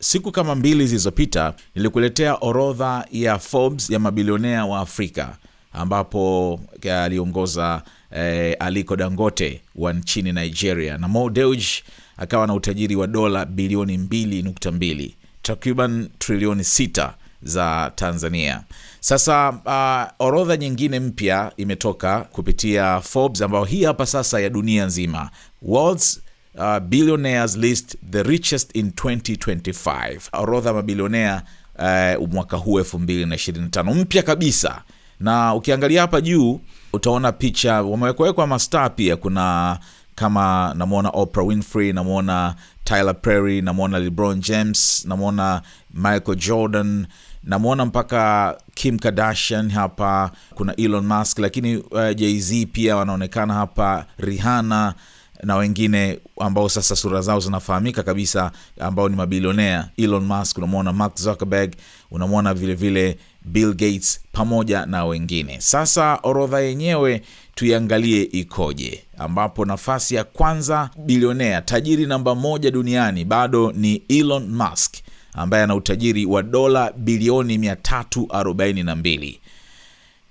Siku kama mbili zilizopita nilikuletea orodha ya Forbes ya mabilionea wa Afrika ambapo eh, aliongoza eh, Aliko Dangote wa nchini Nigeria na Mo akawa na utajiri wa dola bilioni 2.2 takriban trilioni 6 za Tanzania. Sasa uh, orodha nyingine mpya imetoka kupitia Forbes ambayo hii hapa sasa ya dunia nzima World's uh, billionaires list the richest in 2025, orodha mabilionea uh, mwaka huu 2025 mpya kabisa. Na ukiangalia hapa juu utaona picha wamewekawekwa mastaa pia, kuna kama namwona Oprah Winfrey, namwona Tyler Perry, namwona LeBron James, namwona Michael Jordan, namwona mpaka Kim Kardashian hapa, kuna Elon Musk, lakini uh, Jay-Z pia wanaonekana hapa, Rihanna na wengine ambao sasa sura zao zinafahamika kabisa, ambao ni mabilionea Elon Musk, unamwona Mark Zuckerberg, unamwona vilevile Bill Gates pamoja na wengine. Sasa orodha yenyewe tuiangalie ikoje, ambapo nafasi ya kwanza bilionea tajiri namba moja duniani bado ni Elon Musk ambaye ana utajiri wa dola bilioni 342.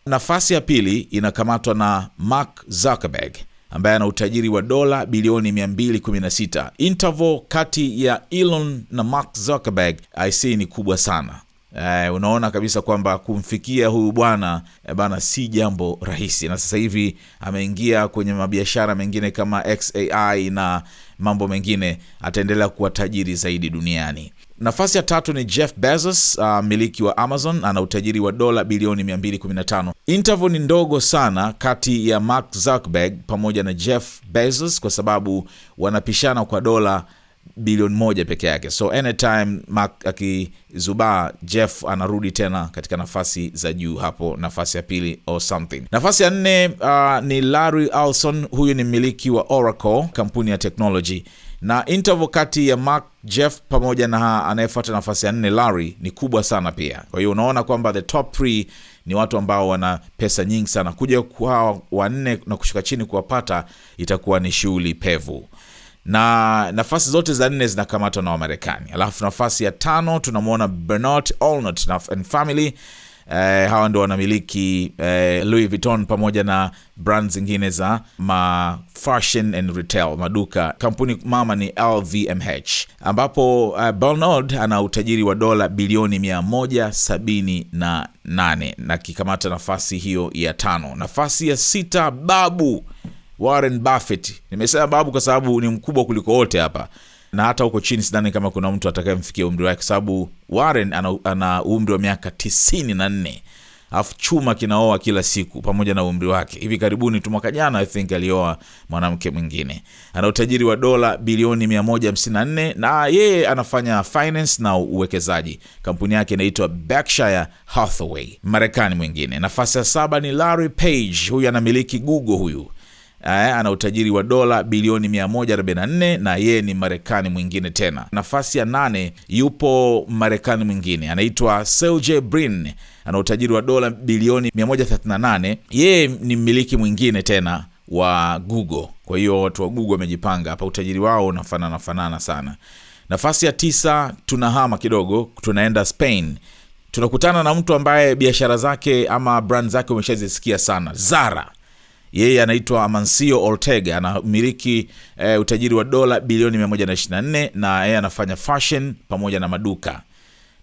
Nafasi ya pili inakamatwa na Mark Zuckerberg ambaye ana utajiri wa dola bilioni 216. Interval kati ya Elon na Mark Zuckerberg ic ni kubwa sana. Uh, unaona kabisa kwamba kumfikia huyu bwana eh, bana si jambo rahisi, na sasa hivi ameingia kwenye mabiashara mengine kama XAI na mambo mengine, ataendelea kuwa tajiri zaidi duniani. Nafasi ya tatu ni Jeff Bezos, mmiliki uh, miliki wa Amazon, ana utajiri wa dola bilioni 215. Interval ni ndogo sana kati ya Mark Zuckerberg pamoja na Jeff Bezos kwa sababu wanapishana kwa dola bilioni moja peke yake. So anytime Mark akizubaa, Jeff anarudi tena katika nafasi za juu hapo, nafasi ya pili or something. Nafasi ya nne uh, ni Larry Ellison. Huyu ni mmiliki wa Oracle, kampuni ya technology na interval kati ya Mark Jeff pamoja na anayefuata nafasi ya nne Larry ni kubwa sana pia. Kwa hiyo unaona kwamba the top three ni watu ambao wana pesa nyingi sana, kuja kwa wanne na kushuka chini kuwapata itakuwa ni shughuli pevu, na nafasi zote za nne zinakamatwa na Wamarekani. Alafu nafasi ya tano tunamwona Bernard olnot na family eh, hawa ndio wanamiliki eh, Louis Vuitton pamoja na brand zingine za ma fashion and retail maduka. Kampuni mama ni LVMH, ambapo uh, eh, Bernard ana utajiri wa dola bilioni 178 na, na kikamata nafasi hiyo ya tano. Nafasi ya sita, babu Warren Buffett. Nimesema babu kwa sababu ni mkubwa kuliko wote hapa na hata huko chini sidhani kama kuna mtu atakayemfikia umri wake, sababu Warren ana, ana umri wa miaka tisini na nne alafu chuma kinaoa kila siku pamoja na umri wake. Hivi karibuni tu mwaka jana I think alioa mwanamke mwingine. Ana utajiri wa dola bilioni 154 na yeye anafanya finance na uwekezaji. Kampuni yake inaitwa Berkshire Hathaway, Marekani. Mwingine nafasi ya saba ni Larry Page, huyu anamiliki Google huyu Eh, ana utajiri wa dola bilioni 144 na yeye ni Marekani mwingine tena. Nafasi ya nane yupo Marekani mwingine anaitwa Sergey Brin, ana utajiri wa dola bilioni 138. Yeye ni mmiliki mwingine tena wa Google. Kwa hiyo watu wa Google wamejipanga hapa, utajiri wao unafanana fanana sana. Nafasi ya tisa tunahama kidogo, tunaenda Spain. Tunakutana na mtu ambaye biashara zake ama brand zake umeshazisikia sana, Zara yeye anaitwa Amancio Ortega, anamiliki e, utajiri wa dola bilioni 124 na yeye anafanya fashion pamoja na maduka.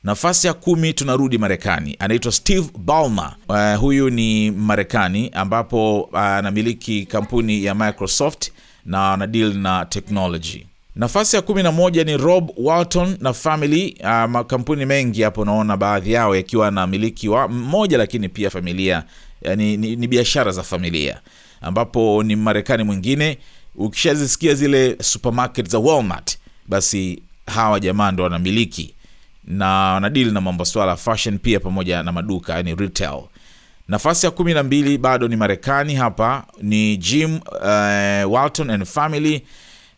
Nafasi ya kumi tunarudi Marekani, anaitwa Steve Ballmer. Uh, huyu ni Marekani ambapo eh, anamiliki uh, kampuni ya Microsoft na deal na technology. Nafasi ya kumi na moja ni Rob Walton na family. Uh, ah, makampuni mengi hapo unaona baadhi yao yakiwa na miliki wa mmoja, lakini pia familia yani, ni, ni biashara za familia ambapo ni Marekani mwingine ukishazisikia zile supermarket za Walmart, basi hawa jamaa ndo wanamiliki na wanadili na mambo swala fashion pia pamoja na maduka yani retail. Nafasi ya kumi na mbili bado ni Marekani, hapa ni Jim uh, Walton and family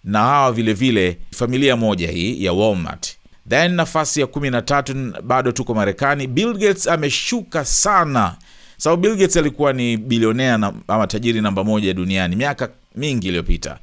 na hawa vile vile, familia moja hii ya Walmart. Then nafasi ya kumi na tatu bado tuko Marekani, Bill Gates ameshuka sana sababu Bill Gates alikuwa ni bilionea na, ama tajiri namba moja duniani miaka mingi iliyopita,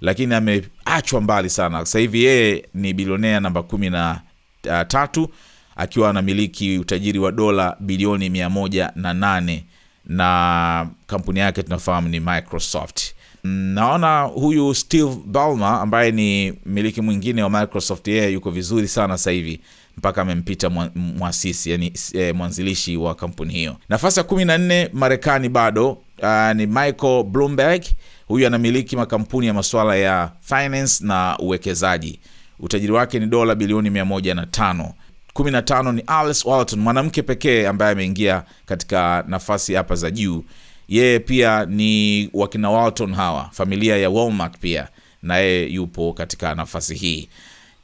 lakini ameachwa mbali sana. Sasa hivi yeye ni bilionea namba kumi na uh, tatu akiwa anamiliki utajiri wa dola bilioni mia moja na nane na kampuni yake tunafahamu ni Microsoft. Naona huyu Steve Ballmer ambaye ni mmiliki mwingine wa Microsoft, yeye yuko vizuri sana sasa hivi mpaka amempita mwasisi yani, e, mwanzilishi wa kampuni hiyo. Nafasi ya kumi na nne Marekani bado uh, ni Michael Bloomberg. Huyu anamiliki makampuni ya masuala ya finance na uwekezaji. Utajiri wake ni dola bilioni 15 na tano. Kumi na tano ni Alice Walton, mwanamke pekee ambaye ameingia katika nafasi hapa za juu yeye pia ni wakina Walton hawa, familia ya Walmart pia naye yupo katika nafasi hii.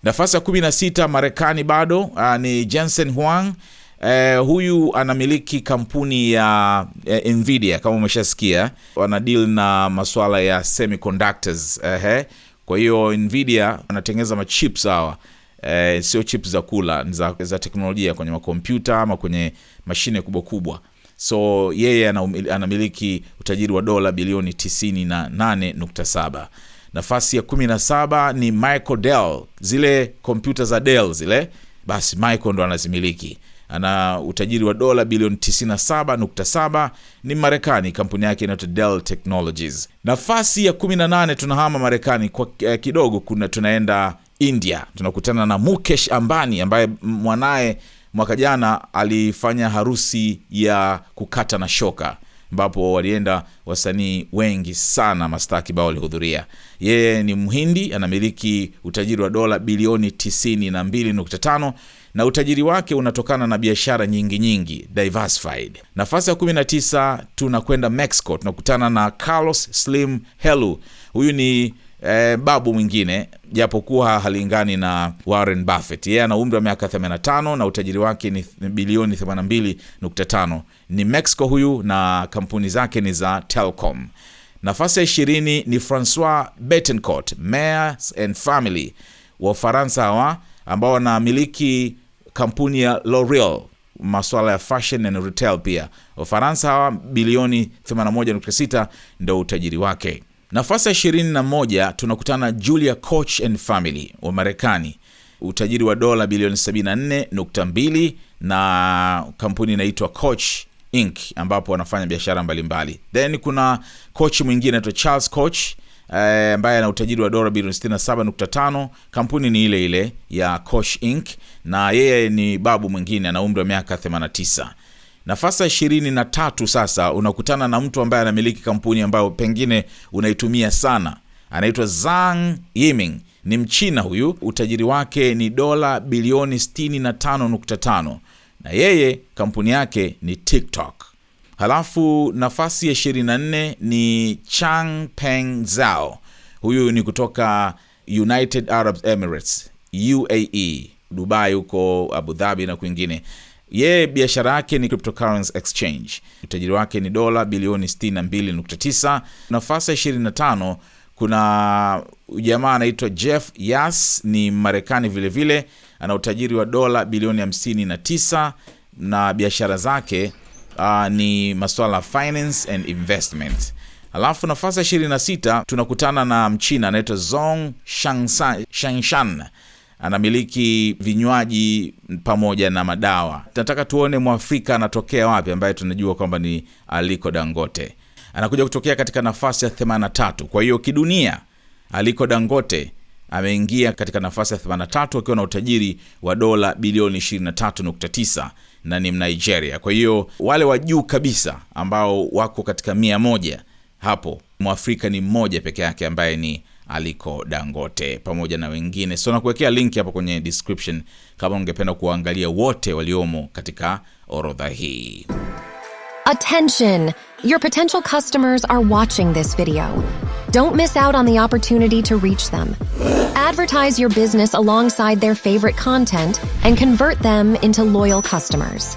Nafasi ya kumi na sita Marekani bado uh, ni Jensen Huang. Uh, huyu anamiliki kampuni ya uh, Nvidia kama umeshasikia, wana deal na masuala ya semiconductors uh, he. Kwa hiyo Nvidia anatengeneza machips hawa uh, sio chips za kula za, za teknolojia kwenye makompyuta ama kwenye mashine kubwa kubwa so yeye anamiliki utajiri wa dola bilioni 98.7. Nafasi ya 17 ni Michael Dell, zile kompyuta za Dell zile, basi Michael ndo anazimiliki ana utajiri wa dola bilioni 97.7. Ni Marekani, kampuni yake inaitwa Dell Technologies. Nafasi ya 18 tunahama Marekani kwa eh, kidogo, kuna tunaenda India, tunakutana na Mukesh Ambani ambaye mwanaye mwaka jana alifanya harusi ya kukata na shoka ambapo walienda wasanii wengi sana, mastaki bao walihudhuria. Yeye ni Mhindi, anamiliki utajiri wa dola bilioni 92.5 na utajiri wake unatokana na biashara nyingi nyingi diversified. Nafasi ya 19 tunakwenda Mexico, tunakutana na Carlos Slim Helu. Huyu ni e, babu mwingine japokuwa halingani na Warren Buffett. Yeye ana umri wa miaka 85 na utajiri wake ni bilioni 82.5. Ni Mexico huyu na kampuni zake ni za Telcom. Nafasi ya ishirini ni Francois Betancourt, Mayors and Family wa Ufaransa hawa ambao wanamiliki kampuni ya L'Oreal masuala ya fashion and retail pia. Wafaransa hawa bilioni 81.6 ndio utajiri wake. Nafasi ya 21 tunakutana Julia Koch and Family wa Marekani, utajiri wa dola bilioni 74.2 na kampuni inaitwa Koch Inc ambapo wanafanya biashara mbalimbali. Then kuna Koch mwingine anaitwa Charles Koch eh, ambaye ana utajiri wa dola bilioni 67.5. Kampuni ni ile ile ya Koch Inc, na yeye ni babu mwingine, ana umri wa miaka 89. Nafasi ishirini na tatu, sasa unakutana na mtu ambaye anamiliki kampuni ambayo pengine unaitumia sana, anaitwa zang Yiming, ni mchina huyu. Utajiri wake ni dola bilioni 65.5 na yeye kampuni yake ni TikTok. Halafu nafasi ya 24 ni Chang Peng zao huyu ni kutoka United Arab Emirates UAE, Dubai huko Abu Dhabi na kwingine. Yeye biashara yake ni cryptocurrency exchange, utajiri wake ni dola bilioni 62.9. Nafasi ya 25 kuna jamaa anaitwa Jeff Yas, ni Marekani vilevile, ana utajiri wa dola bilioni 59 na biashara zake uh, ni masuala finance and investment. Alafu nafasi ya 26 tunakutana na mchina anaitwa Zong Shangshan anamiliki vinywaji pamoja na madawa. Tunataka tuone mwafrika anatokea wapi, ambaye tunajua kwamba ni Aliko Dangote anakuja kutokea katika nafasi ya 83. Kwa hiyo kidunia, Aliko Dangote ameingia katika nafasi ya 83 akiwa na utajiri wa dola bilioni 23.9 na ni Mnigeria. Kwa hiyo wale wa juu kabisa ambao wako katika 1 hapo, mwafrika ni mmoja peke yake ambaye ni Aliko Dangote pamoja na wengine. So nakuwekea link hapo kwenye description kama ungependa kuangalia wote waliomo katika orodha hii. Attention, your potential customers are watching this video. Don't miss out on the opportunity to reach them. Advertise your business alongside their favorite content and convert them into loyal customers.